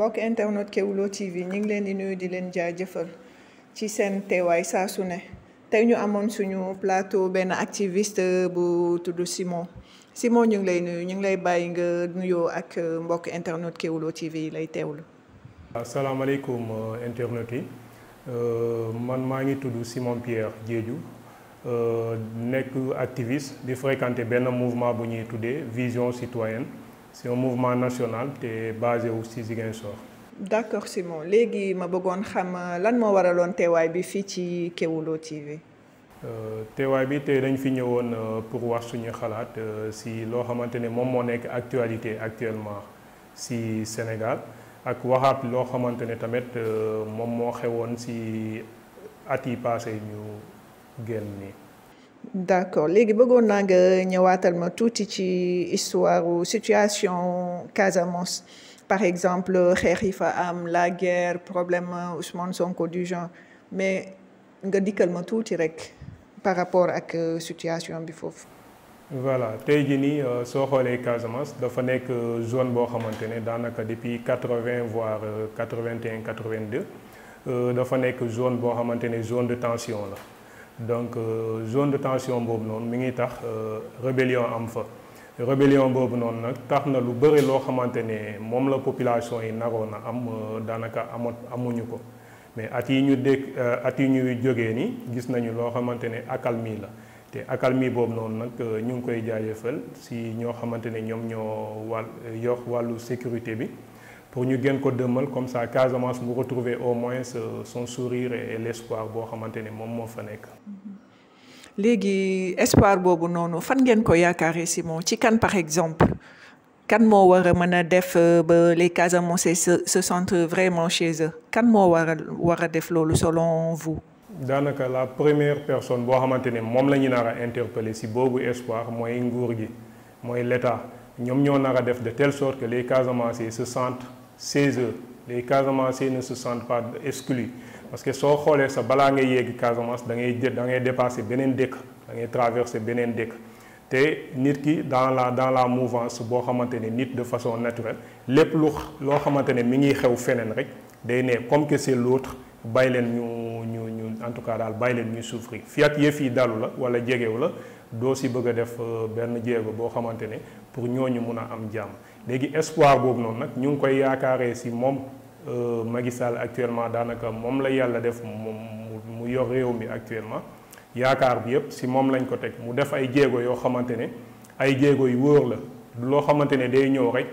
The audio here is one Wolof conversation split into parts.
mbokk internet Kéwoulo TV ñu ngi leen di nuyu di leen jaajëfal ci seen teewaay saa su ne tey ñu amoon suñu plateau benn activiste bu tudd Simon Simon ñu ngi lay nuyu ñu ngi lay bàyyi nga nuyoo ak mbokk internet Kéwoulo TV lay teewlu. asalaamaaleykum euh, internet yi euh, man maa ngi tudd Simon Pierre Diédiou euh, nekk activiste di fréquenté benn mouvement bu ñuy tuddee vision citoyenne c'est un mouvement national te basé wu si Ziguinchor. d'accord Simon léegi ma bëggoon xam lan moo waraloon teewaay bi fii ci Kéwoulo TV. Euh, teewaay bi tey dañ fi ñëwoon euh, pour wax suñu xalaat euh, si loo xamante ne moom moo actualité actuellement si Sénégal ak waxaat loo xamante ne tamit moom moo xewoon si at yi passé ñu génn d'accord Les bëggoon naa nga ñëwaatal ma tuuti ci histoire ou situation Casamance par exemple xeex yi am la guerre problème Ousmane Sonko du genre mais nga dikkal ma tout rek par rapport à ak euh, situation bi voilà tey jii nii euh, soo xoolee Casamance euh, dafa nekk zone boo xamante ne daanaka depuis 80, voire 81, 82, un quatre-vingt-deux dafa zone boo xamante zone de tension là donc euh, zone de tension boobu non mi ngi tax euh, rébellion am fa rébellion boobu non nak tax na lu bëri lo xamantene mom la population yi nagona am euh, danaka amat amuñu ko mais at yi ñu dégg at yi ñu jógee ni gis nañu loo xamante ne accalmie la te akalmi boobu noonu nag ñu ngi koy jaajëfal si ñoo xamante ne ñoom ñoo wàll yor wàllu sécurité bi pour ñu gën ko dëmmal comme ça Casamance mu retrouver au moins euh, son sourire et l'espoir pour xamante ne moom moo fa nekk. léegi espoir bobu noonu fan ngeen ko yaakaaree Simon ci kan par exemple kan mo wara a def euh, ba les Casamance se se sentent vraiment chez eux kan mo wara a def lolu selon vous. danaka la première personne bo xamantene mom moom la ñu nar interpeller si bobu espoir moy nguur gi moy l'État ñom ñoo nara def de telle sorte que les Casamance se sentent. 16 heures les Casamance ne se sentent pas exclus parce que soo xoolee sa balaa ngay yéegi Casamance da ngay da ngay dépasser beneen dëkk da ngay traverser beneen dëkk te nit dans la dans la mouvance boo xamante ne nit de façon naturelle lépp lu loo xamante ne mi ngi xew feneen rek day ne comme que c'est l'autre bàyyi leen ñu ñu en tout cas dal bàyyi leen ñuy souffrir fii ak yëf dalu la wala jegew la do ci bëgg def euh, benn jéego bo xamante pour ñoñu mëna am jamm léegi espoir bobu non nak ñu ngi koy yaakaaree si euh Macky Sall actuellement danaka mom la Yalla def mu mu yor réew mi actuellement yaakar bi yëpp si mom lañ ko teg mu def ay jéego yoo xamante ay jéego yu wóor la loo xamante day ñëw rek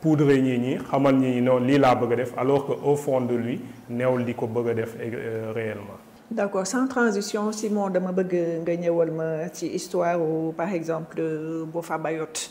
poudre ñii ñi xamal ñi non lii laa bëgg a def alors que au fond de lui neewul di ko bëgg a def euh, réellement. d' accord sans transition Simon dama bëgg nga ñëwal ma ci histoire par exemple Boffa Bayotte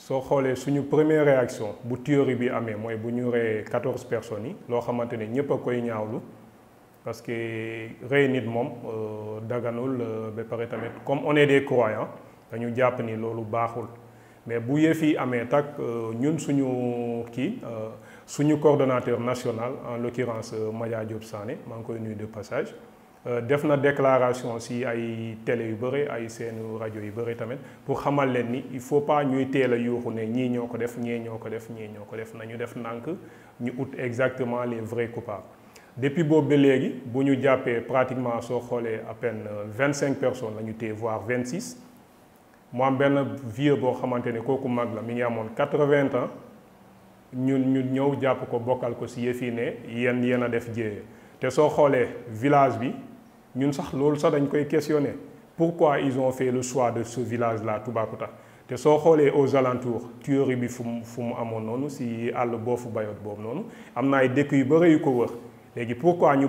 soo xoolee suñu première réaction bu théorie bi amee mooy bu ñu reyee 14 personnes yi loo xamante ne ñëpp a koy ñaawlu parce que rey mom moom euh, daganul euh, be pare tamit comme on est des croyants dañu japp ni lolu baaxul mais bu yefi amé tak euh, ñun suñu kii suñu coordonnateur national en l'occurrence Maya Diop Sané mang koy nuy de passage euh, def na déclaration si ay télé yu bëri ay seenu rajo yu bëri tamit pour xamal leen ni il faut pas ñuy teel a yuuxu ne ñii ñoo ko def ñii ñoo ko def ñii ñoo ko def nañu def ndànk ñu ut exactement les vrais coupables depuis boobu ba léegi bu ñu jàppee pratiquement soo xoolee à peine euh, vingt cinq personnes la ñu téye voire vingt six mu am benn vieux boo xamante ne kooku mag la mi ngi amoon quatre vingt ans ñun ñu ñëw jàpp ko bokkal ko si yëf yi ne yéen yéen a def jéeye te soo xoolee village bi ñun sax loolu sax dañ koy pourquoi ils ont fait le choix de ce village là Toubacouta te soo xoolee aux alentours tuerie bi fu mu si àll boofu bayot boobu noonu am ay dëkk yu pourquoi ñu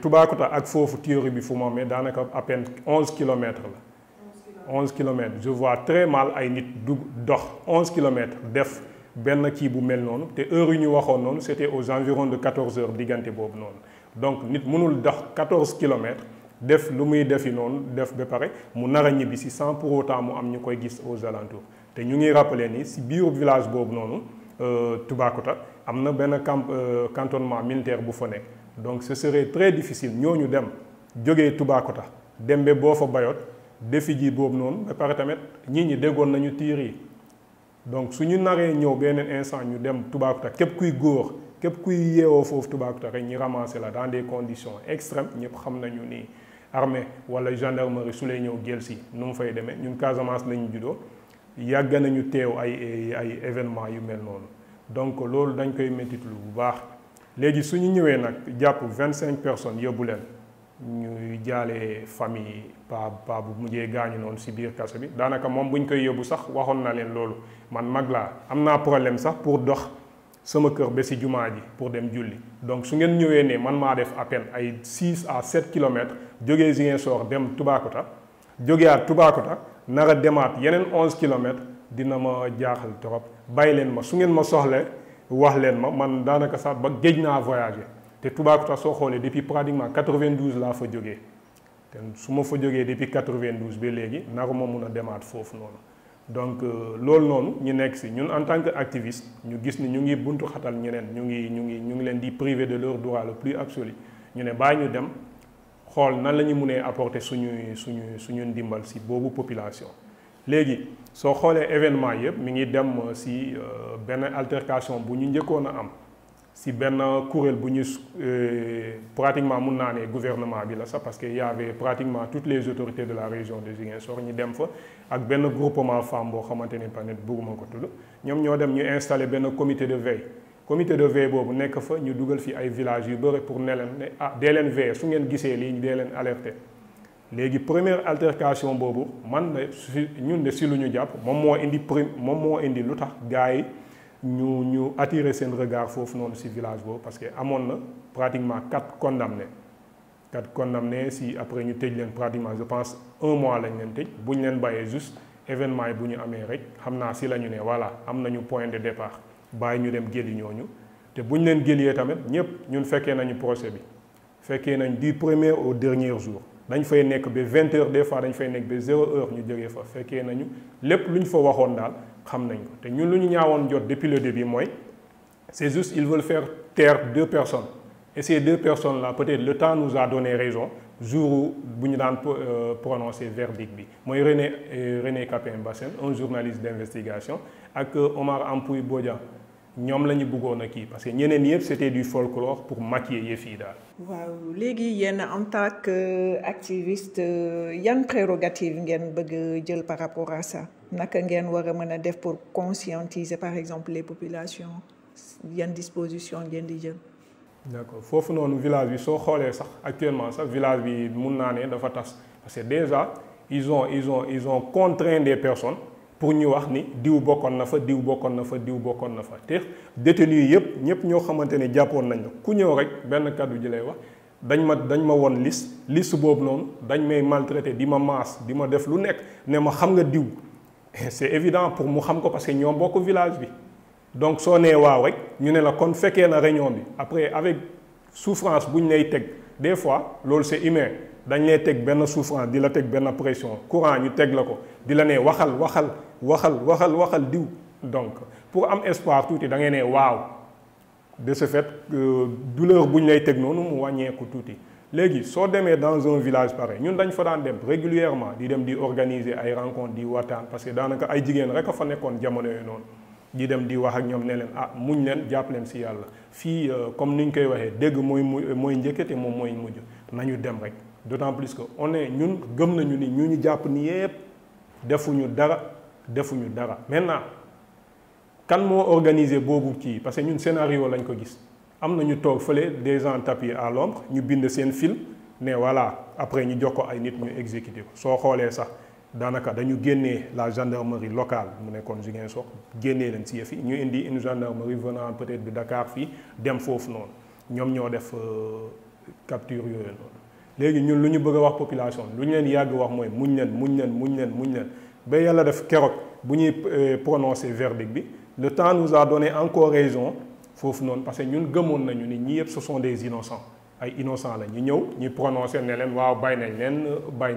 Toubacouta ak bi à peine 11 kilomètres km. je vois très mal ay nit du dox 11 kilomètres def ben ki bu mel noonu te heure ñu waxoon non c'était aux environs de 14 heures diganté bob non donc nit mënul dox 14 km, def lu muy defi non def ba mu nara ñibi ci sans pour autant mu am ñukoy gis aux alentours te ñu ngi rappelé ni si biir village boobu noonu euh, Toubacouta am amna ben camp euh, cantonnement militaire bu fa nek donc ce serait très difficile ñooñu dem joggé Toubacouta dem ba boo fa bayot defi ji boobu non ba pare tamit ñii ñi déggoon nañu tiir donc su ñu naree ñëw beneen instant ñu dem Toubacouta képp kuy góor képp kuy yeewoo foofu Toubacouta rek ñu ramasser la dans des conditions extrêmes ñëpp xam nañu ni armée wala gendarmerie su lay ñëw jël si nu mu fay demee ñun Casamance lañu yàgg nañu teew ay ay événement yu mel noonu donc loolu dañ koy métitlu bu baax léegi su nous ñëwee nag jàpp personnes yóbbu ñuy jaalee famille pa pa bu mujjee gaañu noonu si biir kaso bi daanaka moom buñ koy yóbbu sax waxoon na leen loolu man magla amna problème sax pour dox sama cœur ba si jumaa pour dem djulli donc su ngeen ñëwé né man ma def à peine ay 6 à 7 km kilomètres jógee sor dem Toubacouta jógee at Toubacouta nara a demaat yeneen 11 km dina ma jaaxal trop bay leen ma su ngeen ma soxlé wax leen ma man danaka sax ba gejna voyager te Toubacouta soo xoolee depuis pratiquement 92 laa fa jógee te su ma fa jógee depuis 92 ba léegi naru ma mun a demaat foofu noonu donc euh, loolu noonu ñu nekk si ñun en tant que activiste ñu gis ni ñu ngi buntu xatal ñeneen ñu ngi ñu ngi ñu ngi leen di privé de leur droit le plus absolu ñu ne bàyyi ñu dem xool nan la ñu munee apporter suñuy suñu suñu ndimbal si boobu population. léegi soo xoolee événement yëpp mi ngi dem si ben altercation bu ñu njëkkoon a am si ben kuréel bu ñu euh, pratiquement mon naa gouvernement bi la sax parce que y avait pratiquement toutes les autorités de la région de Ziguinchor ñi dem fa ak ben groupement femme bo xamante ni peut être bëgguma ko tudd ñoom ñoo dem ñu installer ben comité de veille comité de veille bobu nek fa ñu dugal fi ay villages yu bëri pour nelen leen ne ah dee leen veille su ngeen gisee lii dee leen alerté légui première altercation bobu man ñun de si lu ñu jàpp moom moo indi prime moom moo indi lu gaay gars yi nous, avons attirer son regard sur ce village bo, parce qu'il y a pratiquement 4 condamnés. 4 condamnés, si après nous avons pratiquement, je pense, un mois, nous avons fait, si nous avons juste événement pour nous améliorer, nous avons voilà, un point de départ, nous avons dem un point de te buñ len gëlé tamit ñëpp ñun féké nañu procès bi féké nañ du premier au dernier jour dañ fay nekk be 20h des fois dañ fay nekk be 0h ñu jëgé fa féké nañu lepp luñ fa waxon dal xam ko depuis le début juste ils veulent faire taire deux personnes et ces deux personnes là peut être le temps nous a donné raison jour où avons prononcé euh, prononcer verdict Moi, René euh, René Capé un journaliste d'investigation, et euh, Omar Ampouy Bodian ñom lañu bëggona ki parce que ñeneen yépp c'était du folklore pour maquiller yëf yi daal. waaw légui yéen en tant que euh, activiste euh, yan prérogative ngeen bëgg jël par rapport à ça naka ngeen war a mën a def pour conscientiser par exemple les populations yan disposition ngeen di jël. d'accord foofu noonu village bi soo xoolee sax actuellement sax village bi mun naa ne dafa tas parce que déjà ils ont ils ont ils ont contraint des personnes pour ñu wax ni diw bokon na fa diw bokon na fa diw bokon na fa té détenu yépp ñepp ño ñoo xamante ni jàppoon nañ la ku ñëw rek benn kàddu ji lay wax dañ ma dañ ma won liste liste boobu non dañ may maltraiter dima ma dima def lu nekk né ma xam nga diw c'est évident pour mu xam ko parce que ñom bokku village bi donc so né waaw rek ñu né la kon féké na réunion bi après avec souffrance buñ ñu lay teg des fois loolu c'est humain dañ lay ben benn souffrance dila la ben pression courant ñu teg la ko di la waxal waxal waxal waxal waxal diw donc pour am espoir touti da ngay né waw de ce fait euh, douleur buñ lay teg nonu mu ko touti légui so démé dans un village pareil ñun dañ fa daan dem régulièrement di dem di organiser ay rencontre di watan parce que daanaka ay jigen rek fa nekkoon jamono yooyu noonu di dem di wax ak ñom né leen ah muñ leen jàpp leen si yalla fi euh, comme ni ñu koy waxé dégg moy moy ñëkété mom moy mooy nañu dem rek d'autant plus que on est ñun gëm nañu ni ñu ñu jàpp ni yëpp defuñu dara defuñu dara maintenant kan moo organiser boobu kii parce que ñun scénario lañ ko gis am na ñu toog fële des gens tapis à l'ombre ñu bind seen film ne voilà après ñu jox ko ay nit ñu exécuté ko soo xoolee sax daanaka dañu génnee la gendarmerie locale mu nekkoon Ziguinchor génnee leen si yëf yi ñu indi une gendarmerie venant peut-être de Dakar fii dem foofu noonu ñoom ñoo def euh, capture yooyu léegi ñun luñu bëgg wax population luñu leen yag wax moy muñ leen muñ leen muñ leen muñ leen ba yalla def euh, prononcer verdict bi le temps nous a donné encore raison fofu parce que ñun nañu ni ñi ce sont des innocents ay innocents la ñu prononcer ne leen waaw bay nañ leen nañ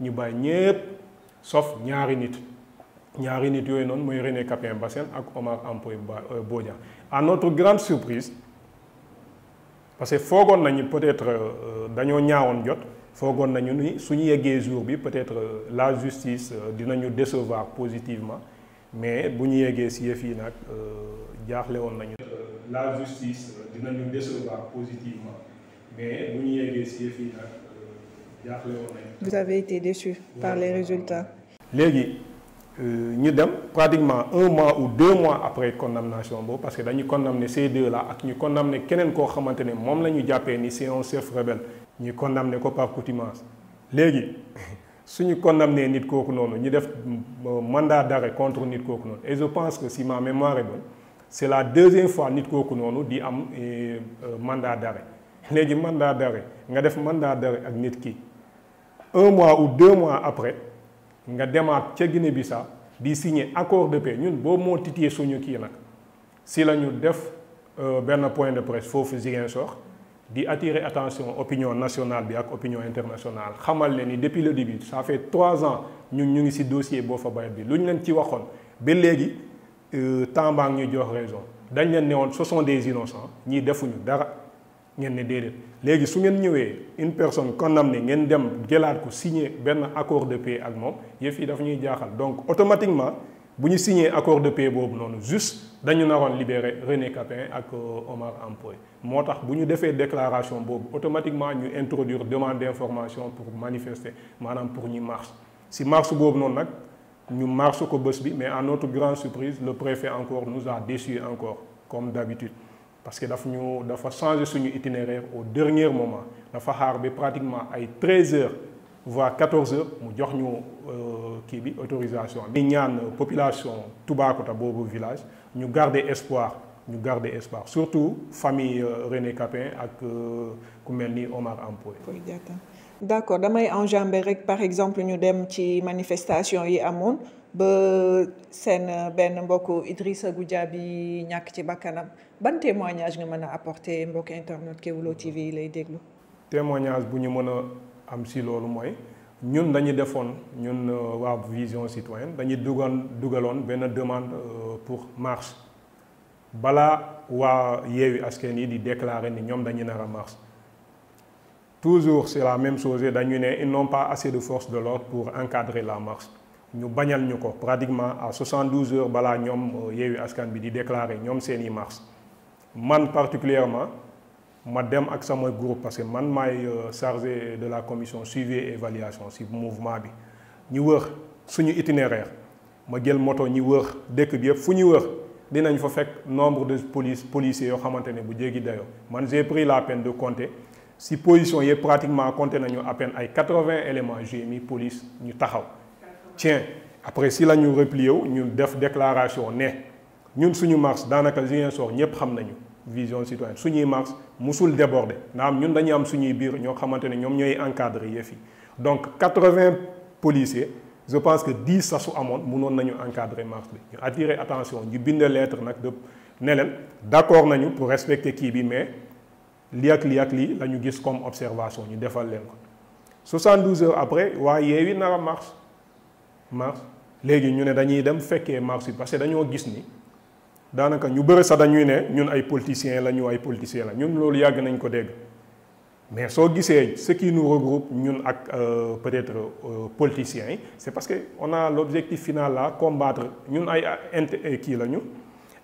leen ñu sauf ñaari nit ñaari nit yooyu noonu René ak Omar Ampoy euh, à notre grande surprise parce que foogoon nañu peut-être euh, dañoo ñaawoon jot foogoon nañu ni suñu bi peut-être euh, la justice euh, dinañu décevoir positivement mais bu ñu si yëf yi nag jaaxle woon nañu. la justice dinañu décevoir positivement mais bu ñu si yëf yi nag jaaxle woon nañu. vous avez été déçu par les résultats. Légui nous euh, sommes pratiquement un mois ou deux mois après la condamnation parce que avons condamné ces deux là nous avons condamné quelqu'un qui a ne condamné, la nous c'est un chef rebelle avons condamné ko par contumace si suñu condamné nit nous avons fait un mandat d'arrêt contre nit et je pense que si ma mémoire est bonne c'est la deuxième fois nit kooku noonu di un euh, mandat d'arrêt léegi mandat d'arrêt nga un mandat d'arrêt avec nit un mois ou deux mois après nga demaat ca Guinée bissa di signer accord de paix ñun bo mo titiyee suñu ki nak si la ñu def ben point de presse foofu sort, di attirer attention opinion nationale bi ak opinion internationale xamal leen ni depuis le début ça fait trois ans ñun ñu ngi ci dossier bo fa bayat bi lu leen ci waxoon ba euh Tamba ngi ñu jox raison dañ leen ne 70 ce sont des innocents ñii defuñu dara ngeen né dédé si su une personne condamnée ngeen dem jëlaat ko signer accord de paix ak mom yëf yi daf ñuy donc automatiquement nous signer signé accord de paix bobu Non, juste dañu libérer René Capin ak euh, Omar Ampoy Si nous défé fait une déclaration bobu automatiquement ñu introduire demande d'information pour manifester manam pour ñi marche si marche bobu non, nak ñu marche ko bëss bi mais à notre grande surprise le préfet encore nous a déçus encore comme d'habitude parce que nous avons changé changer itinéraire au dernier moment Nous avons pratiquement à 13 heures voire 14 heures nous avons eu l'autorisation. Nous autorisation bi ñaan population village ñu garder espoir ñu garder espoir surtout famille euh, René Capin et euh, ku Omar Ampoy D'accord. D'accord, damay enjamber par exemple nous ñu dem ci manifestation à Amon ba seen eh, benn mbokku Idrissa Goudiaby ñàkk ci bakkanam ban témoignage nga mën a apporter mbokku internet Kéwoulo TV lay déglu. témoignage bu ñu mën a am si loolu mooy ñun dañu defoon ñun eh, waa vision citoyenne dañu dugal dugaloon benn demande eh, pour marche balaa waa yeewi askan yi di déclarer ni ñoom dañu nar a marche. toujours c'est la même chose dañu ne ils n'ont pas assez de force de l'ordre pour encadrer la marche ñu bañal pratiquement à 72 heures bala ñom euh, yeewu askan bi di déclarer ñom seeni mars man particulièrement ma dem ak sama groupe parce que man may euh, chargé de la commission suivi et évaluation si mouvement bi ñu wër suñu itinéraire ma jël moto ñu wër dekk bi yëpp fu ñu wër dinañ fa fek nombre de police policiers yo xamantene bu jégi dayo man j'ai pris la peine de compter si position yé pratiquement compté nañu à peine ay 80 éléments j'ai mis police ñu taxaw tiens, après si nous replions, nous avons une déclaration. Nous sommes Mars, dans la quasi nous sommes une vision citoyenne. Nous sommes Mars, nous sommes débordés. Nous sommes dans la vision nous sommes en train Donc, 80 policiers, je pense que 10 sassou monde, nous sommes encadrer Mars. Nous attirer attention, nous sommes en lettre nous Nélène, d'accord pour respecter Kibi, mais liak liak li nous ñu gis comme observation 72 heures après avons yewi une marche mars Légui, ñu ne dañuy dem fekkee mars parce que dañoo gis ni daanaka ñu bëri sax dañuy ne ñun ay politiciens la ñu politiciens la ñun loolu yàgg nañ ko dégg mais soo gisee ce qui nous regroupe ñun ak euh, peut-être euh, politiciens c'est parce que on a l'objectif final là combattre ñun ay anti euh, kii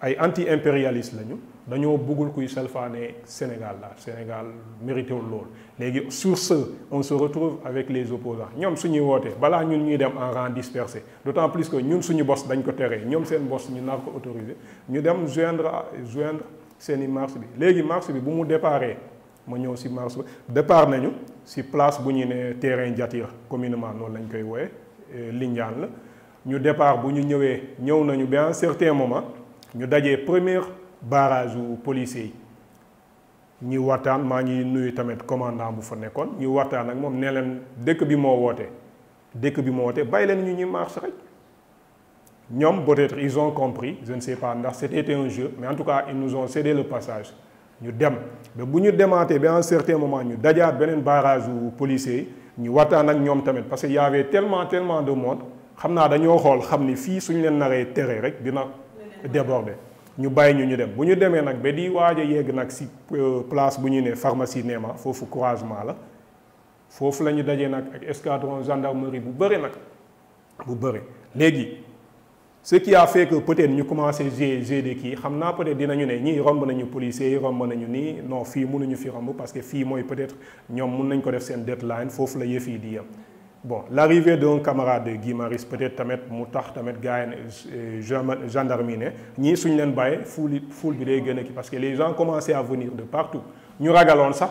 ay anti impérialistes la dañoo bëggul kuy salfaane Sénégal la Sénégal mérité wul loolu léegi sur ce on se retrouve avec les opposants ñoom suñu wootee balaa ñun ñuy dem en rang dispersé d'autant plus que ñun suñu bos dañ ko teree ñoom seen bos ñu nar ko autorisé ñu dem joindre joindre seeni marche bi léegi marche bi bu mu déparé ma ñëw si marche ba départ nañu si place bu ñu ne terrain Diatir communément noonu lañ koy wooye euh, Lindiane la ñu départ bu ñu ñëwee ñëw nañu ba un certain moment ñu dajee première barrage ou policiers yi ñi waxtaan maa ngi nuyu tamit commandant bu fa nekkoon ñu watane ak mom nee leen dëkk bi mo woté dekk bi mo woté bay leen ñu ñi marche rek peut-être ils ont compris je ne sais pas ndax c'était un jeu mais en tout cas ils nous ont cédé le passage ñu dem mais buñu ñu Ben en un certain moment ñu dajaat benen barrage ou policiers yi ñu waxtaan ak ñom tamit parce que y avait tellement tellement de monde xamna naa dañoo xool xam ni suñu leen naré téré rek dina déborder ñu bay ñu ñu dem bu ñu demee nag ba di waaj a yegg nag si euh, place bu ñu ne pharmacie Néma foofu croisement la foofu la ñu dajee nag ak escadron gendarmerie bu bëri nag bu bëri léegi ce qui a fait que peut-être ñu commencé g gd kii xam naa peut-être dinañu ne ñii romb nañu policiers yi romb nañu nii non fii mënuñu fi romb parce que fii mooy peut-être ñoom mun nañ ko def seen deadline foofu la yëf yi di yem bon l'arrivée d'un camarade Guy Marius peut-être Tamet mu Tamet tamit gars yi euh, ne gendarmerie ne suñ leen foule foule bi parce que les gens commençaient à venir de partout ñu regardons sax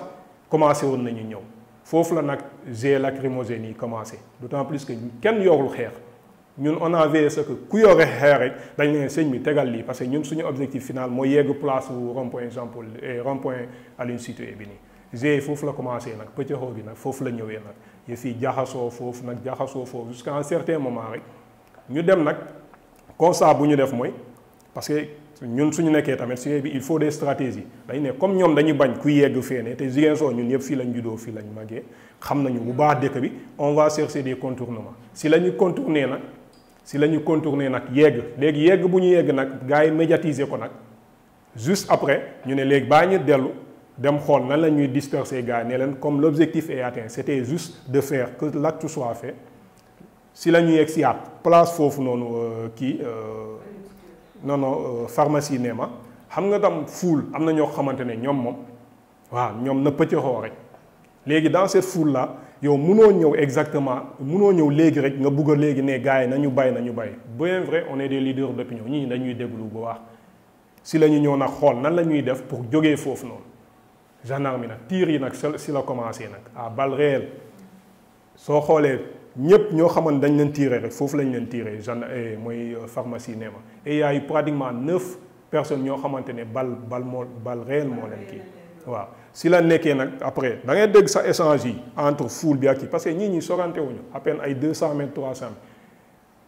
commencé woon nañu ñëw foofu la nag jet lacrymogène commencé d'autant plus que kenn yorul xeer ñun on avait ce que ku aurait xeer dans dañ ne sëñ bi tegal parce que ñun suñu objectif final mooy de place bu rond-point Jean-Paul eh, rond-point à Sitoé bi nii jet foofu la commencé nag pëccëxoo gi nag foofu la y fi des jusqu'à un certain moment rek ñu dem nak constat bu def moy parce que ñun suñu nekké tamit suñu bi il faut des stratégies dañ comme ñom dañu bañ ku yegg feene te Ziguinchor ñun yëpp fi lañ lañ bu bi on va chercher des contournements si lañu contourner si lañu contourner yegg yegg yegg juste après ñu ne léegi bañu dem xol nan lañuy ñuy disperser gars ne comme l'objectif est atteint c'était juste de faire que l'acte soit fait si la ñuy yegg place foofu noonu euh, kii euh, non non euh, pharmacie nee xam nga tam foule amna na ñoo xamante ne ñoom moom waaw ñoom na rek légui dans cette foule là yow mëno ñëw exactement mëno ñëw légui rek nga bugg légui né gaay gars nañu bay nañu bay bien vrai on est des leaders d'opinion ñi dañuy déglu bu wax si la ñëw nak xol nan la def pour joggé fofu noonu gendarme yi tire nak yi si la commencé nak à balle réelle soo xoolee ñëpp ñoo xamoon dañ leen tirer rek fofu lañ leen tiiree gen eh, moy euh, pharmacie Néma et y a eu pratiquement 9 personnes ño xamantene bal bal balle moo balle réelle leen ki waaw si la nekkee nak après da ngay dégg sa échange entre foule bi ak parce que ñi ñi soranté wuñu à peine ay deux mètres trois mètres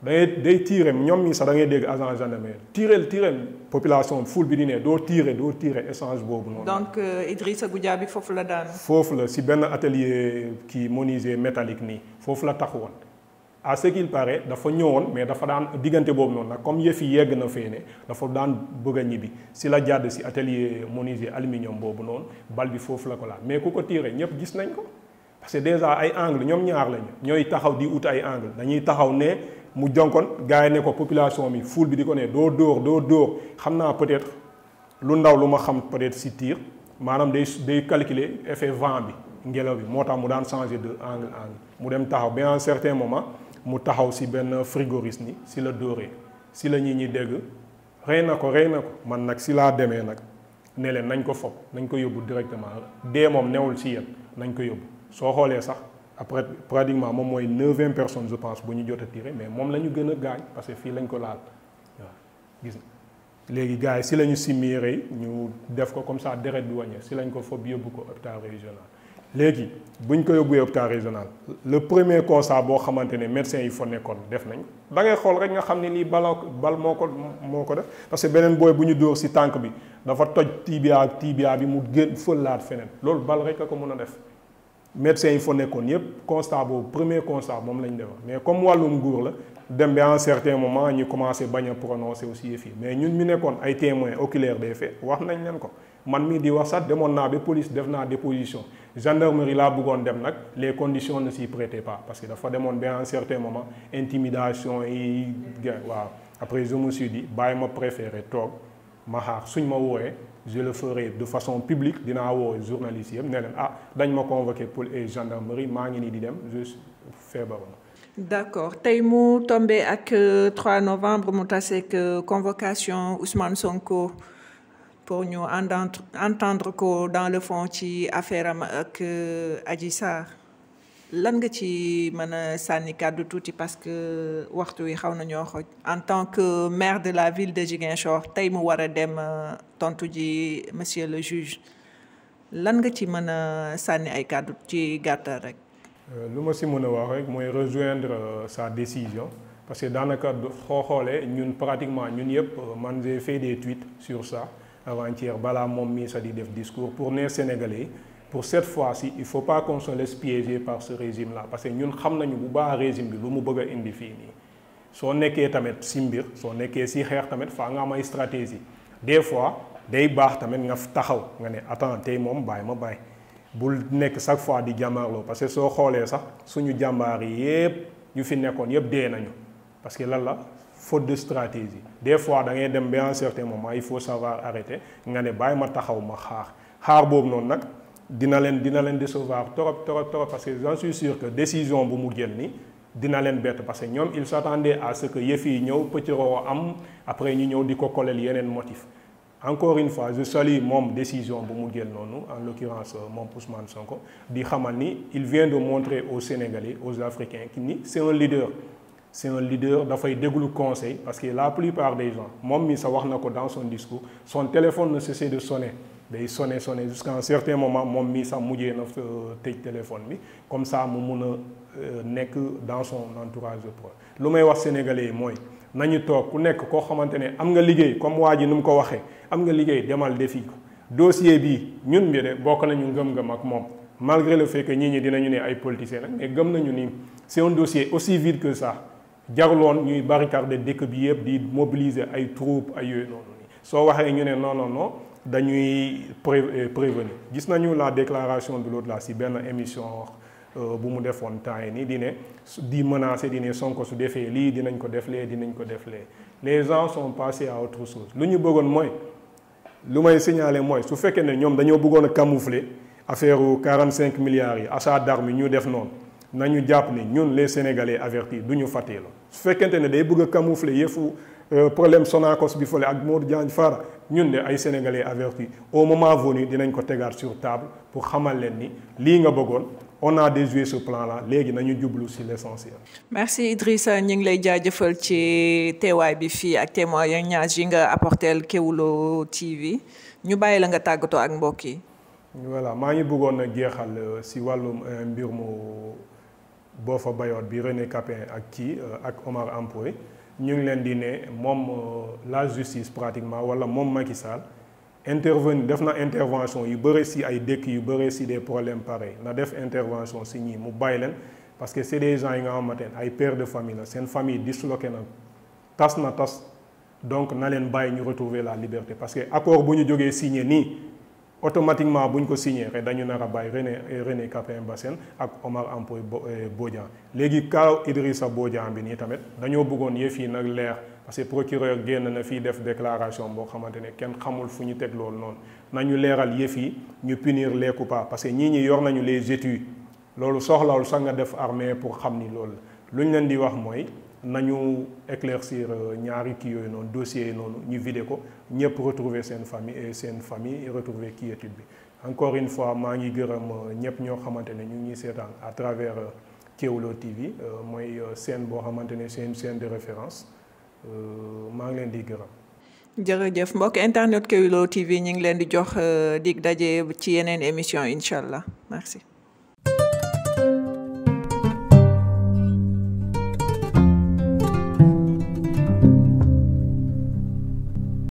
da ngay day tiire ñoom ñi sax da ngay dégg agent gendarmerie tiireel tiireel population foule bi di ne do tiire doo tiire échange boobu noonu. donc euh, Idrissa Goudiaby fofu la daan fofu la si ben atelier kii moniser métallique ni fofu la taxawoon à ce qu'il paraît dafa ñëwoon mais dafa daan diggante bobu non nag comme yëf yi yegg na féné ne dafa daan bëgg a ñibbi si la jàdd si atelier moniser aluminium bobu non bal bi fofu la ko la mais ku ko tiire ñep gis nañ ko parce que déjà ay angle ñom ñaar lañu ñoy taxaw di out ay angle dañuy taxaw né mu jonkoon gars yi ne ko population mi foule bi di ko ne doo dóor doo dóor peut-être lu ndaw luma xam peut-être si tir manam day day calculer effet vent bi ngelaw bi moo mu daan changer de angle angle mu dem taxaw à un certain moment mu taxaw si ben frigoriste ni si la doré si la ñi ñi dégg rey na ko rey na ko man nak si la démé nak ne leen nañ ko fop nañ ko yóbbu directement dé mom newul si yéen nañ ko yóbbu so xolé sax après pratiquement moom moi, neuf vingt personnes je pense bu ñu jot tiré mais moi, la ñu gën parce que fii lañ ko laal gars si la ñu simmiiree ñu def ko comme ça deret bi wàññee si lañ ko fob yóbbu ko hôpital régional. léegi buñ ko yóbbuwee hôpital régional le premier constat boo xamante ne médecin yi fa nekkoon def nañ da ngay xool rek nga xam ne bal, bal moko moko moo parce que ben boy bu ñu dóor si tànk bi dafa toj tibia tibia bi mu gën fëllaat feneen loolu bal rek la ko mën a def médecins il faut nekkoon yëpp constat premier constat mais comme wàllum nguur la dem ba en certain moment ñu commencé bañ prononcer aussi les mais ñun mi nekkoon ay témoins oculaires des faits wax nañ leen ko man mi di wax sax demoon naa police def na déposition gendarmerie laa bëggoon dem nak les conditions ne s'y prêtaient pas parce que dafa demoon ba un certain moment intimidation et après je me suis dit bàyyi ma préféré toi ma xaar suñ ma wooyee je le ferai de façon publique dina wo journaliste yëpp ne leen ah dañ ma convoquer pour et gendarmerie ma ngi ni di dem juste faire ça. D'accord. tey tomber tombé ak 3 euh, novembre c'est euh, convocation Ousmane Sonko pour nous entendre dans le fond ci affaire am ak euh, lan nga ci parce que waxtu wi en tant que maire de la ville de Ziguinchor tay mu wara euh, monsieur le juge lan nga ci suis. a ay ci gàttal rek. rejoindre sa décision parce que dans xoo xoolee ñun pratiquement ñun euh, man fait des tweets sur ça avant-hier balaa moom sa def discours pour ne Sénégalais pour cette fois-ci il faut pas qu'on se laisse piéger par ce régime-là parce que ñun xam nañu bu baax régime bi lu mu bëgg a indi fii est soo nekkee tamit si mbir soo nekkee si xeex tamit faa nga am stratégie des fois day baax tamit nga taxaw nga ne attends tey moom bàyyi ma bàyyi bul nekk chaque fois di lo parce que so xolé sax suñu jambar yépp yëpp yu fi nekkoon yépp dé nañu parce que lan la faute de stratégie des fois da ngay dem ba un certain moment il faut savoir arrêter nga ne bàyyi ma taxaw ma xaar xaar bob non nak dina leen dina décevoir parce que j'en suis sûr que décision bu mu génn ni parce que ñom ils s'attendaient à ce que yëf yi petit pëccëroo am après ñu ñëw diko ko yenen motif encore une fois je salue la décision bu mu en l'occurrence euh, mom Ousmane Sonko di xamal il vient de montrer aux Sénégalais aux Africains qu'il est c'est un leader c'est un leader fay déglu conseil parce que la plupart des gens mom mi sa wax dans son discours son téléphone ne cessait de sonner day sonné jusqu'à un certain moment moom mis à euh, téléphone comme ça mu euh, dans son entourage de proche sénégalais nañu comme ko am dossier bi ñun malgré le fait que nous sommes politiciens mais c'est un dossier aussi vide que ça ñuy barricader, des mobiliser ay troupes soo waxee ñu ne non non non dañuy pré euh, prévenir gis nañu la déclaration de l'autre là si benn émission euh, bu mu defoon temps yi nii di ne di menacer di ne Sonko su defee lii dinañ ko def lee dinañ ko def lee les gens sont passés à autre chose lu ñu bëggoon mooy lu may signaler mooy su fekkee ne ñoom dañoo bëggoon a camoufler affaire 45 milliards yi achat d'armes yi ñu def noonu nañu jàpp ne ñun les sénégalais avertis du ñu fàttee la su fekkente ne day bëgg a camoufler yëfu. Euh, problème Sonacos bi fële ak Modou Diagne Fara ñun né ay sénégalais avertis au moment venu dinañ ko tégar sur table pour xamal len ni li nga bëggoon on a déjoué ce plan là légui nañu djublu ci l'essentiel. merci Idrissa ñu ngi lay jaajëfal ci téway bi fi ak témoignage yi nga apporté Kéwoulo TV ñu bàyyi la nga tàggatoo ak mbokk yi. voilà ma ngi bëggoon a jeexal euh, si walum euh, mbir mu fa Bayotte bi René Capin ak ki ak Omar Ampoy ñu ngi leen di ne moom euh, la justice pratiquement wala moom Macky Sall intervenir def na intervention yu bëri si ay dëkk yu bëri des problèmes pareils na def intervention si ñii mu bàyyi leen parce que c'est des gens yi nga xamante ay de famille C'est une famille disloqué na tas na tas donc na leen bàyyi ñu retrouver la liberté parce que accord bu ñu jógee signé nii automatiquement buñ ko signé dañu nar a bàyyi René René Capain Bassène ak Omar Ampoy euh, Bodian légui kaaw Idrissa Bodian bi ni tamit dañu bëggone yëf yi nag parce que procureur génn na fi def déclaration bo xamante ne xamul fu ñu teg loolu noonu nañu léral yëf yi ñu punir les coupables parce que ñi ñi yor nañu les études loolu soxlawul sa nga def armée pour xamni lool loolu leen di wax moy nañu éclaircir euh, ñaari ki yooyu non dossiers non ñu vidé ko ñepp retrouver sen euh, famille et sen famille retrouver est bi encore une fois ma ngi gërëm euh, ñepp ño xamantene ñu ñi sétan à travers Kéwoulo TV moy sen bo xamantene ne seen de référence Ma ngi len di gërëm jërëjëf mbokk internet Kéwoulo TV ñi ngi len di jox dig dajé ci yenen émission Inshallah. merci